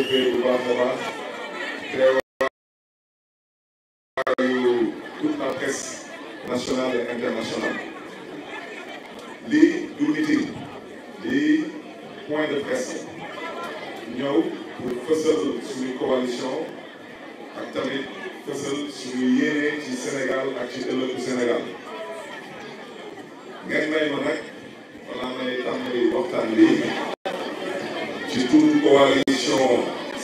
liggéey bu baax a baax teewaayu toute la presse nationale et internationale lii du meeting lii point de presse ñëw pour fësal suñu coalition ak tamit fësal suñu yéene ci Sénégal ak ci ëllëgu Sénégal ngeen may ma nag balaa may tàmbali waxtaan bi ci turu coalition moom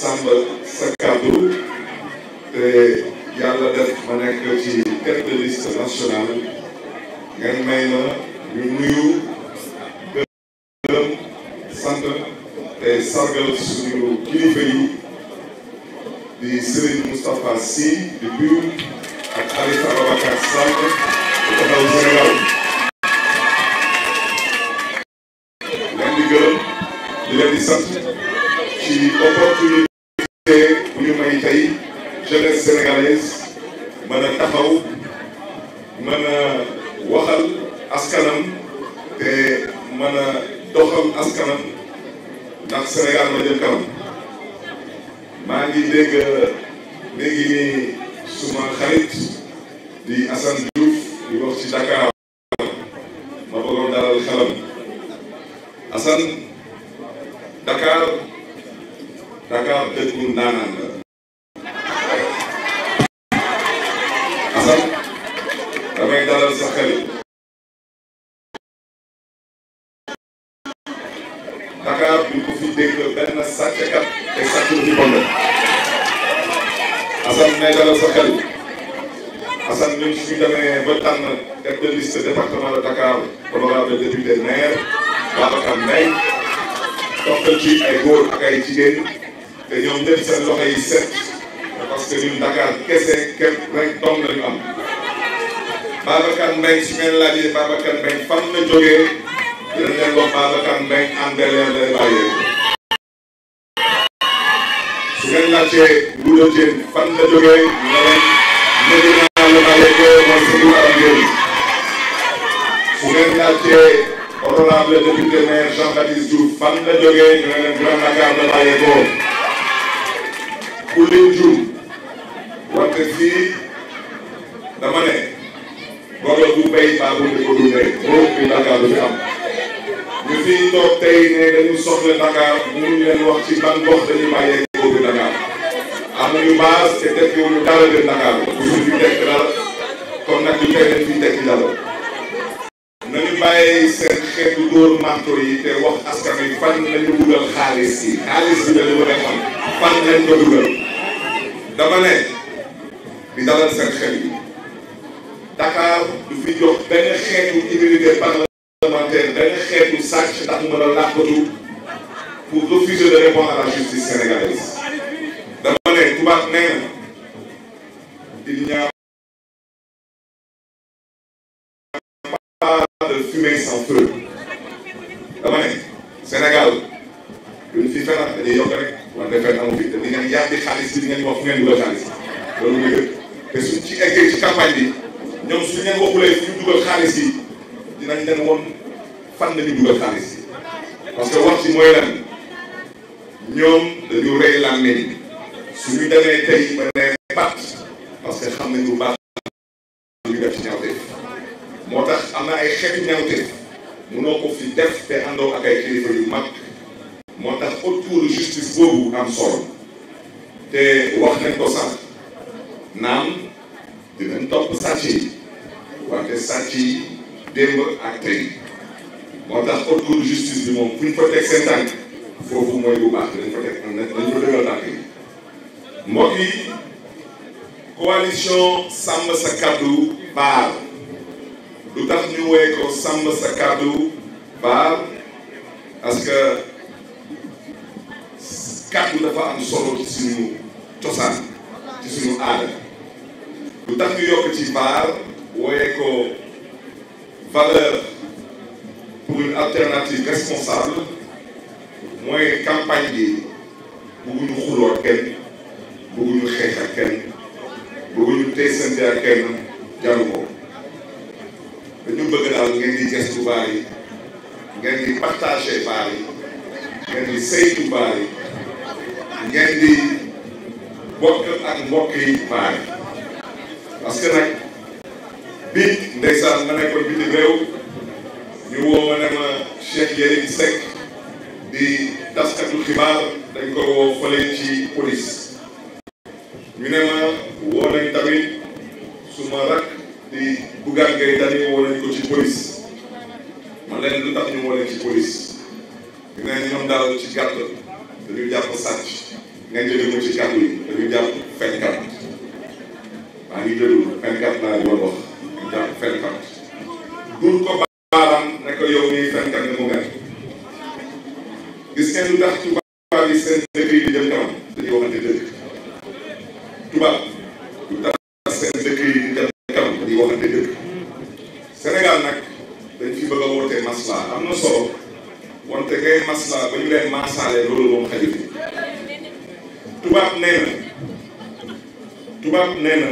Samba sa kàddu te yàlla def ma nekk ci tête de liste nationale ngeen may te sargal suñu kilifa yi di Serigne Moustapha Sy di Pur ak Khalifa Ababacar Sall di taxaw Sénégal leen di gërëm di leen ci opportunité bu ñu may tey jeunesse sénégalaise mën taxaw mën waxal askanam te mën doxal askanam ndax Sénégal ma jëm kanam maa ngi dégg léegi nii suma xarit di Assane Diouf di wax ci Dakar ma bëggoon dalal xelam Assane Dakar Dakar dëkku ndaanaan la. Assane damay dalal sa xel. Dakar bu ko fi dégg benn sàcckat te sàcc lu fi bonde. Assane may sa xel. Assane ñun suñu demee ba tànn tête de liste département de Dakar honorable député maire Babacar Mbaye toppal ci ay góor ak ay te ñoom ñëpp seen loxo yi set parce que ñun Dakar kese képp rek doom la ñu am Babacar Mbengue su ngeen laajee Babacar Mbengue fan la jógee dinañ leen wax Babacar Mbengue en délai lay bàyyee su ngeen laajee Louga Diène fan la jógee ne leen Medina la bàyyeekoo mooy suñu arrangé su ngeen laajee honorable député maire Jean Baptiste Diouf fan la jógee ñu ne leen Grand Dakar la bàyyeekoo ku li jum wante fii dama ne golo du bay baaxul di ko dundee boobu bi Dakar du fi am ñu fi toog tey ne dañu soxla Dakar mënuñ leen wax ci ban gox dañuy bàyyee boobu Dakar am nañu base te tekkiwuñu dara de Dakar bu ñu fi tekk dara kon nag ñu koy def fi tekki dara may seen xeetu dóor manto yi te wax askan wi fan la ñu xaalis yi xaalis bi dañu war a xam fan lañ ko dugal dama ne di dalal seen xel yi Dakar du fi jox benn xeetu immunité parlementaire benn xeetu sàcc ndax mu mën a làqatu pour refuser de répondre à la justice sénégalaise fumée sans feu dama ne Sénégal duñ fi fenn dañuy yokk rek wante fenn amu fi te di ngeen yàq xaalis bi di ngeen wax fu ngeen dugal xaalis loolu muy dëgg te suñ ci eggee ci campagne bi ñoom suñ leen waxulee fu ñu dugal xaalis yi dinañ leen woon fan la ñu dugal xaalis yi parce que wax ci mooy lan ñoom dañu rey lan ne suñu demee tey ba ne pat parce que xam nañu baax am na ay xeetu ñaawte munoo fi def te àndoo ak ay kilifa yu mag moo tax autour justice boobu am solo te wax nañ ko naam dinañ topp sàcc yi wante sàcc yi démb ak moo tax autour justice bi moom fu ñu fa teg seen tànk foofu mooy bu baax dañ fa teg dañ fa dëgal tànk yi mbokk yi coalition lu tax ñu wooye ko sàmm sa kàddu baal parce que kàddu dafa am solo ci suñu cosaan ci suñu aada lu tax ñu yokk ci baal wooye ko valeur pour alternative responsable mooy campagne bi bëgguñu xuloo kenn bëgguñu xeex kenn bëgguñu teesante ak kenn jaru ñu bëgg daal ngeen di gëstu baar ngeen di partagé baar yi ngeen di saytu baar ngeen di bokk ak mbokk yi baar yi parce que nag bii ndeysaan ma nekkoon bitim réew ñu woo ma ne ma Cheikh Yérim Seck di taskatu xibaar dañ ko woo fële ci police ñu ne ma bu gàngee dañuy woo nañ ko ci police man leen lu tax ñu woo leen ci police dina ñoom daal ci gàtt dañuy jàpp sàcc ngeen jëlee mu ci kàddu yi dañuy jàpp fenkat maa ngi jëlul fenkat laa doon wax dañuy jàpp fenkat wante maslaa am na solo wante ngay maslaa ba ñu leen maasaalee loolu moom xajul tubaab nee na tubaab nee na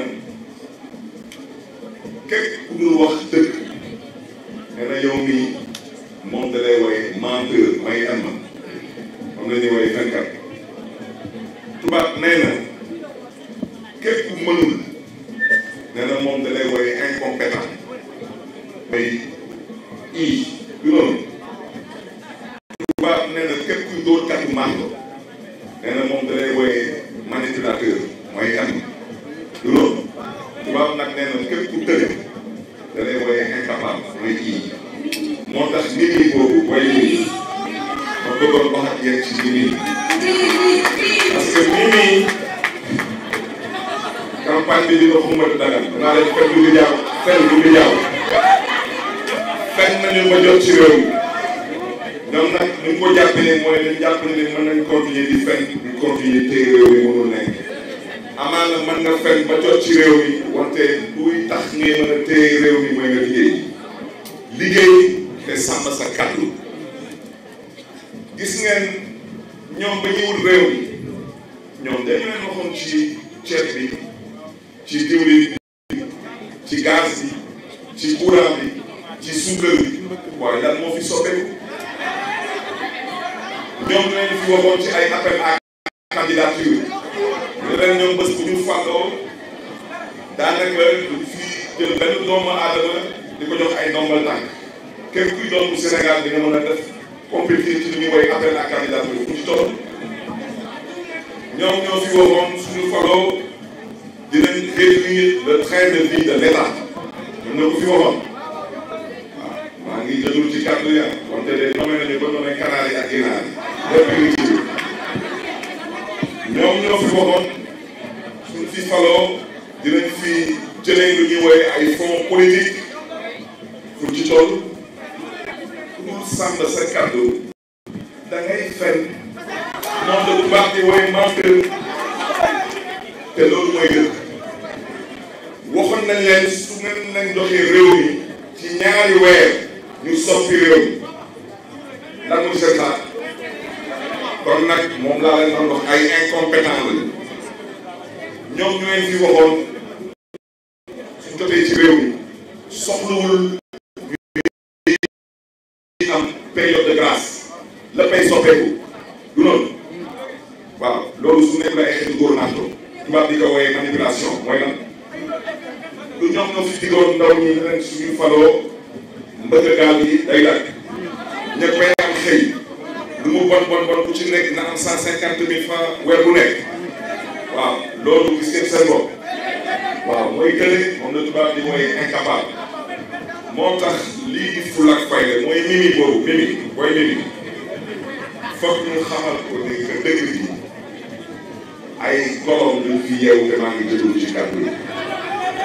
képp ku dul wax dëgg nee na yow mii moom da lay woy menteur may am ma moom la ñuy woy fenkat tubaab nee na képp ku mënul tubaab nee na képp kuy dóor kàddu mango nee na moom da lay wooyee manipulateur mooy kan du loolu tubaab nag nee na képp ku tële da lay wooyee incapable mooy kii moo tax mbir boobu way yi ma bëggoon wax ak yéen ci mbir parce que mbir campagne bi dina xumbat dara danaa leen fenn du di jaaw fenn du di jaaw fenn nañu ba jot ci réew ñoom nag ñu ko jàppalee mooy dañ jàpp ne mën nañ continuer di fen di continuer téye réew mi mënul nekk amaana mën nga fen ba jot ci réew mi wante luy tax ngay mën a téye réew mi mooy nga liggéey liggéey te sàmm sa kàddu gis ngeen ñoom ba ñuy wut réew mi ñoom dañu leen waxoon ci ceeb bi ci diwlin bi ci gaz bi ci courant bi ci suukar bi waaye lan moo fi soppeeku ñu waxoon ci ay appel à candidature ñu leen ñoom bés bu ñu fàttoo daanaka duñ fi jël benn doomu aadama di ko jox ay ndombal tànk képp kuy doomu Sénégal di nga mën a def compétir ci li ñuy woy appel à candidature bu ci toll ñoom ñoo fi waxoon suñu fàttoo dinañ réduire le train de vie de l'État ñoom ñoo ko fi waxoon waaw maa ngi jëlul ci kàddu ya wante de ñoom nañu ba ñu ne kanaar yi ak ginaar yi républicain ñoom ñoo fi waxoon suñ fi faloo dinañ fi jëlee lu ñuy woowee ay fonds politique pour ci tool pour sàmm sa kàddu da ngay fen moom la bu baax di woowee te loolu mooy dëgg waxoon leen su leen joxee réew mi ci ñaari weer ñu soppi réew mi lan mooy kon nag moom laa leen doon wax ay incompétent la ñoom ñu leen di waxoon suñ jotee ci réew mi soxlawul ñu am période de grâce la pay soppeeku du noonu waaw loolu su nekk la ay xeetu góornaanto tubaab di ko woowee manipulation mooy lan du ñoom ñoo fi digoon ndaw ñi leen suñu faloo mbëkk gaal yi day dàkk ña koy lu mu bon bon bon ku ci nekk dina am cent cinquante mille francs weer waaw loolu gis ngeen seen bopp waaw mooy kële moom la tubaab di mooy incapable moo tax lii di fulla ak fayda mooy mimi boobu mimi booy mimi foog ñu xamal ko ne que dëgg bi ay golom ñu fi yeewu te maa ngi jëloon ci kàddu yi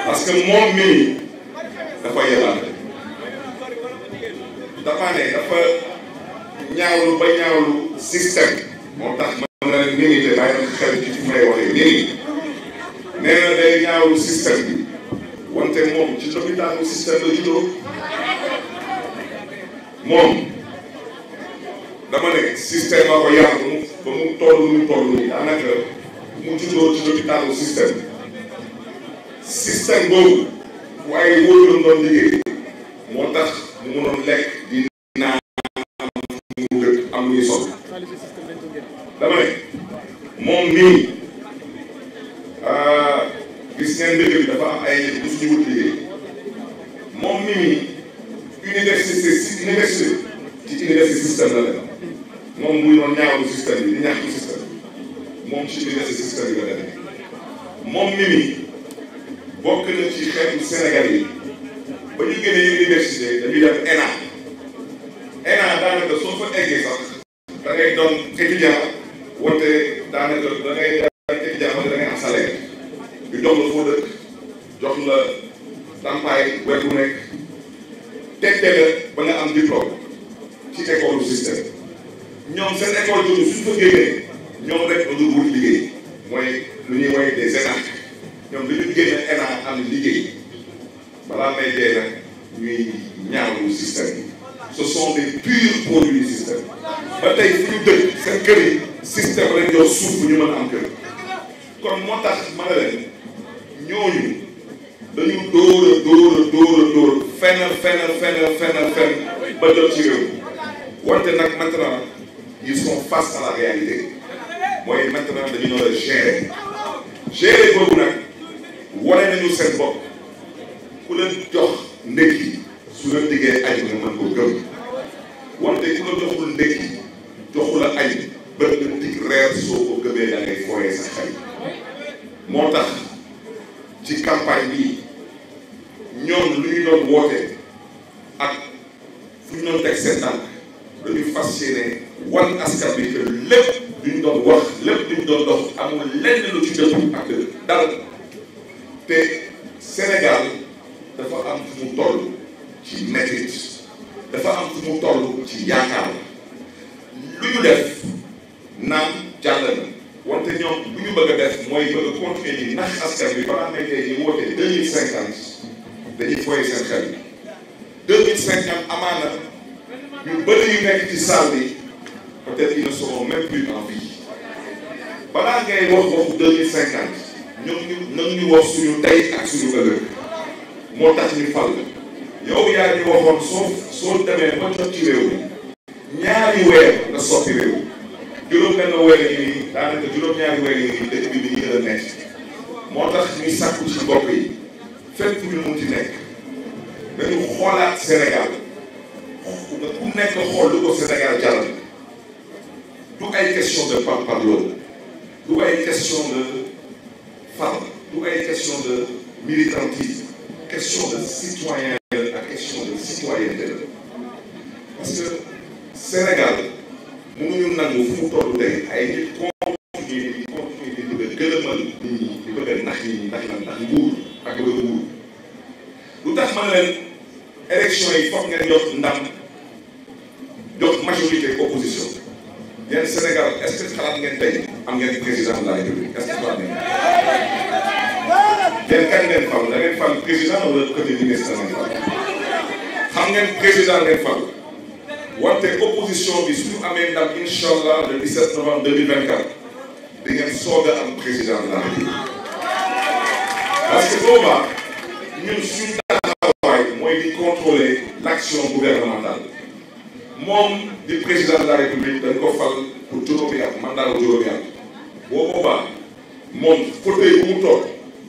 parce que moom mimi dafa yelal dafa ne dafa. ñaawlu ba ñaawlu système moo tax man na leen minité bàyyi xel ci fi may waxee nii nee na day ñaawlu système bi wante moom ci copitaanu système la juddoo moom dama ne système a ko yar ba mu ba mu toll ni toll ni daanaka mu juddoo ci copitaanu système système boobu waaye wóor doon liggéey moo tax mu mënoon lekk nii euh, gis ngeen dëkk bi dafa am ay nit ñu wut liggéey moom mii université si université ci université système la dem moom muy doon ñaawu système bi di ñaax ci système moom ci université système bi la demee moom mii bokk na ci xeetu Sénégal yi ba ñu génnee université dañuy def ENA ENA daanaka soo fa eggee sax da ngay doon étudiant wante. daanaka da ngay daanaka jàmm da ngay am salaire ñu jox la foo dëkk jox nekk tegte la ba am diplôme ci école du système ñoom seen école yooyu suñ ko génnee ñoom rek ba dugg wut liggéey mooy lu ñuy woy des énarques ñoom dañu am liggéey balaa may dee nag ñuy ñaawlu système bi ce sont des purs produits du système ba tey fu ñu dëkk système rek jox suuf bu ñu mën a am kër kon moo tax ma ne leen ñooñu dañu dóor a dóor a dóor a dóor fenal fenal fenal fenal fenn ba jot ci réew wante nag maintenant ils sont face à la réalité mooy maintenant dañu war a gérer gérer boobu nag wane nañu seen bopp ku leen jox ndekki su leen diggee añ nga mën ko gëm wante ku la joxul ndekki joxu la añ xel soo ko gëmee da ngay fooyee sa xel moo tax ci campagne bii ñoom lu ñu doon woote ak fu ñu doon teg seen tànk dañu fas yéene wan askan bi que lépp ak dara te Sénégal dafa am fu mu toll ci métit que ñoom bu ñu bëgg a def mooy bëgg a continuer di nax askan bi balaa may tey ñu woote deux mille cinquante dañuy foyee seen xel bi deux mille cinquante amaana ñu bëri yu nekk ci salle bi peut-être ils ne seront même plus en vie balaa ngay wax waxu deux mille cinquante ñoom ñu nag ñu wax suñu tey ak suñu ëllëg moo tax ñu fal yow yaa ñu waxoon soo soo demee ba jot ci réew mi ñaari weer nga soppi réew juróom-benn weer yi nii daanaka juróom-ñaari weer yi nii dëkk bi dañuy gën moo tax ñu sàkku ci mbokk yi fépp ñu mun ci nekk dañu xoolaat Sénégal ku nekk xool lu ko Sénégal jaral du ay question de par parloo du ay question de far du ay question de militantisme question de citoyen ak question de citoyenneté parce que Sénégal. mënuñu nangu fu mu toll tey ay nit continuer di continuer di bëgg a gëlëmal nit ñi di bëgg a nax nit ñi ndax lan ndax nguur ak bëgg a nguur lu tax man leen élection yi foog ngeen jox ndam jox majorité opposition yéen Sénégal est-ce que xalaat ngeen tey am ngeen président de la République est-ce que xalaat ngeen yéen kan ngeen fal da ngeen fal président wala premier ministre ngeen fal xam ngeen président ngeen fal wante opposition bi suñu amee ndam incha allah le 17 novembre 2024 di ngeen soog am président de la République parce que boobaa ñun suñu taxawaay mooy di contrôler l'action gouvernementale moom di président la République dañ ko fal pour juróomi at mandat bu juróomi at boo boobaa moom fauteuil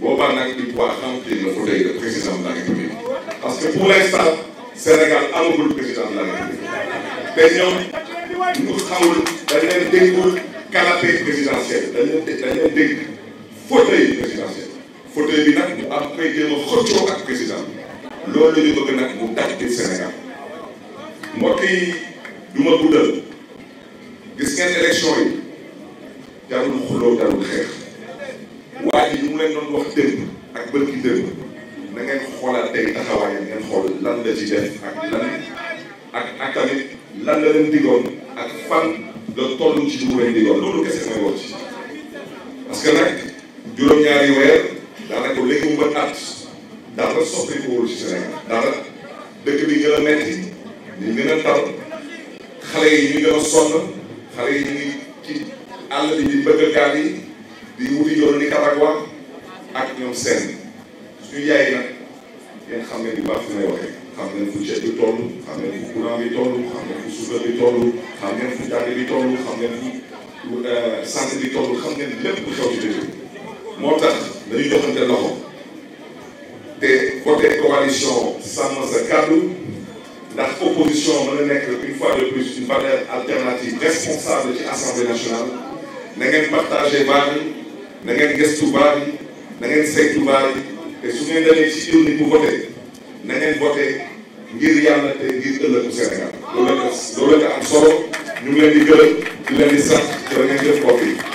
bu nag il doit remplir le fauteuil de président de la République parce que pour Sénégal amagul président de la République te ñoom ñu xamul dañ leen déggul canapé présidentiel dañ leen dañ leen dégg fauteuil présidentiel fauteuil bi nag ñu am koy jéem a xëccoo ak président loolu ñu bëgg nag mu daj biir Sénégal mbokk yi du ma guddal gis ngeen élection yi jarul xuloo jarul xeex waaye ñu mu leen doon wax démb ak bërki démb na ngeen xoolal tey taxawaayam ngeen xool lan la ci ak ak ak tamit lan la leen digoon ak fan la toll ci lu leen digoon loolu kese mooy wax ci parce que nag juróom-ñaari weer daanaka léegi mu bët at dara soppikuwul ci Sénégal dara dëkk bi gën a metti ñu gën a tar xale yi ñu gën a sonn xale yi ñu ngi ci àll bi di bëgg gaal yi di wuti yoon ni Nicaragua ak suñu yaay nag yéen xam ngeen bu baax fi may waxee xam ngeen fu ceeb bi toll xam ngeen fu courant bi toll xam ngeen fu suukar bi toll xam ngeen fu jàng bi toll xam ngeen fu euh, santé bi toll xam ngeen lépp lu xew ci dëkk moo tax dañuy joxante loxo te côté coalition sàmm sa kàddu ndax opposition mën a nekk une fois de plus une valeur alternative responsable ci assemblée nationale na ngeen partagé baar yi na ngeen gëstu baar yi na ngeen saytu baar yi te su ngeen demee ci urne bu voté na ngeen voté ngir yàlla te ngir ëllëgu Sénégal loolu la loolu la am solo ñu ngi leen di gërëm di leen di sant te ngeen jëf mbokk yi.